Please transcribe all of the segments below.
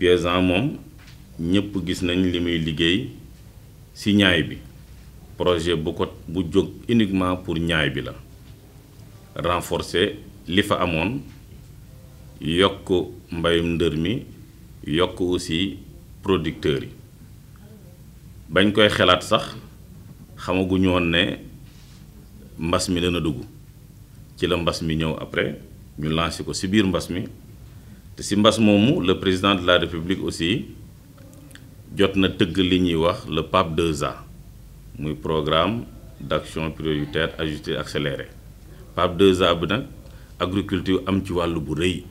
Piezan moom ñëpp gis nañ li muy liggéey ci ñaay bi projet bu ko bu jóg uniquement pour ñaay bi la renforcer li fa amoon yokk mbayum ndër mi yokk aussi producteurs yi bañ koy xalaat sax xamaguñu woon ne mbas mi dana dugg ci la mbas mi ñëw après ñu lancé ko si biir mbas mi si le président de la république aussi a na le PAP 2A un programme d'action prioritaire ajustée accélérée PAP 2A agriculture am ci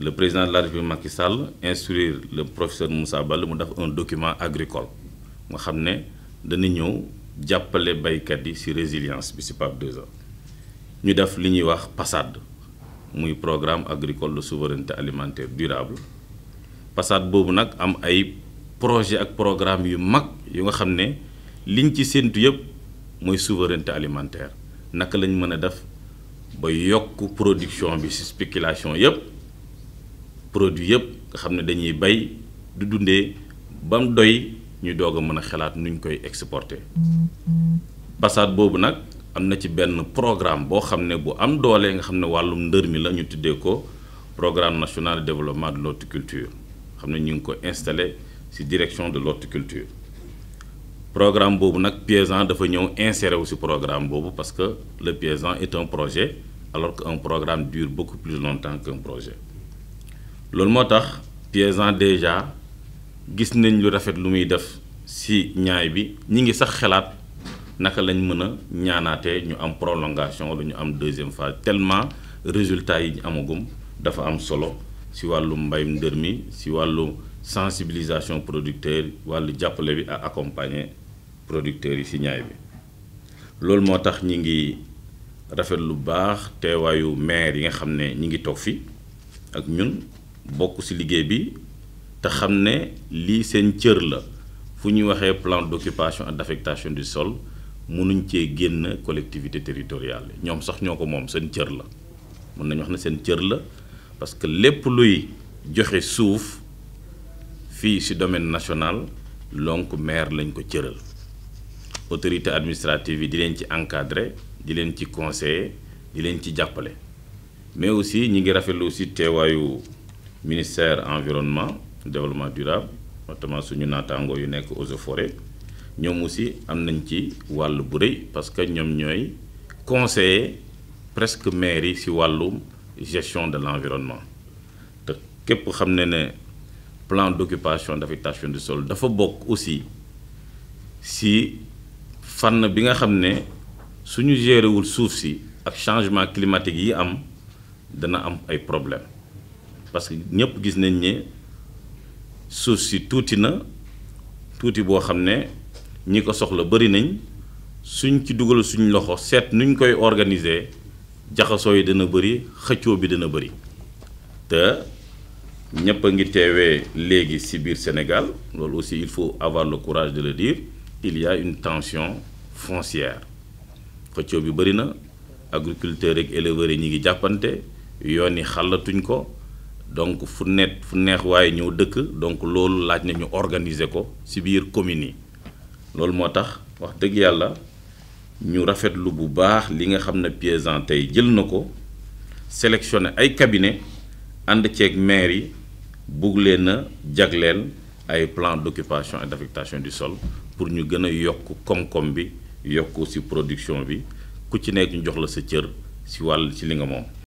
le président de la république Macky Sall instruire le professeur Moussa Ball mu un document agricole Je sais que nous avons appelé sur résilience bi ci PAP 2A ñu def li wax passade muy programme agricole de souveraineté alimentaire durable passat boobu nag am ay projet ak programme yu mag yu nga xam ne liñ ci séentu yëpp mooy souveraineté alimentaire naka lañ mën a def ba yokk production bi ci spéculation yëpp produit yëpp nga xam ne dañuy bay du dundee bam doy ñu doog a mën a xalaat nuñ koy exporter passat boobu nag amna ci ben programme bo xamné bu am doole nga xamné walum ndeur mi la ñu tuddee ko programme national de développement de l'horticulture xamné ñu ngi ko installé ci direction de l'horticulture programme bobu nak paysan dafa ñëw insérer wu ci programme bobu parce que le paysan est un projet alors que un programme dure beaucoup plus longtemps qu'un projet lool motax paysan déjà gis nañ lu rafet lu muy def ci ñaay bi ñi ngi sax xelat naka lañ mëna ñaanaté ñu am prolongation wala ñu am deuxième phase tellement résultats yi ñu amagum dafa am solo si walu mbayum ndër mi si walu sensibilisation producteurs walu jàppale bi accompagner producteurs yi si ñaay bi lool motax ñi ngi rafet lu baax wayu maire yi nga xamné ñi ngi tok fi ak ñun bokku ci liggéey bi te xamné li seen cër la fu ñuy waxee plan d'occupation et d'affectation du sol mënuñ cee génn collectivité territoriale ñoom sax ñoo ko moom seen cër la mën nañu wax ne seen cër la parce que lépp luy joxe suuf fii ci domaine national lonk maire lañ ko cëral autorité administrative yi di leen ci encadrer di leen ci conseiller di leen ci jàppale mais aussi ñi ngi rafetlu aussi teewaayu ministère environnement développement durable notamment suñu naataangoo yu nekk eaux et forêts ñom aussi am nañ ci walu bu reuy parce que nous ñoy conseiller presque mairie sur walu gestion de l'environnement te képp xam ne plan d'occupation d'affectation du sol dafa faut aussi si nous bi nga xam ne suñu gérewul suuf si ak changement climatique yi am dana am ay problème parce que ñëpp gis nañ ne tout si tuuti na tuuti boo xam ne ñi ko soxla bëri nañ suñ ci dugal suñ loxo seet nuñ koy organiser jaxasoo yi dana bëri xëccoo bi dana bëri te ñëpp a ngi teewee léegi ci biir Sénégal loolu aussi il faut avoir le courage de le dire il y a une tension foncière xëccoo bi bëri na agriculteurs ak éleveurs yi ñu ngi jàppante yoon yi xàllatuñ ko donc fu net fu neex waaye ñëw dëkk donc loolu laaj ñu organiser ko ci biir commune yi loolu moo tax wax dëgg yàlla ñu rafetlu bu baax li nga xam ne Piezan tey jël na ko sélectionné ay cabinet ànd ceeg maire yi bugg leen a jagleel ay plan d'occupation et d'affectation du sol pour ñu gën a yokk koom-koom bi yokk aussi production bi ku ci nekk ñu jox la sa cër si wàll ci li nga moom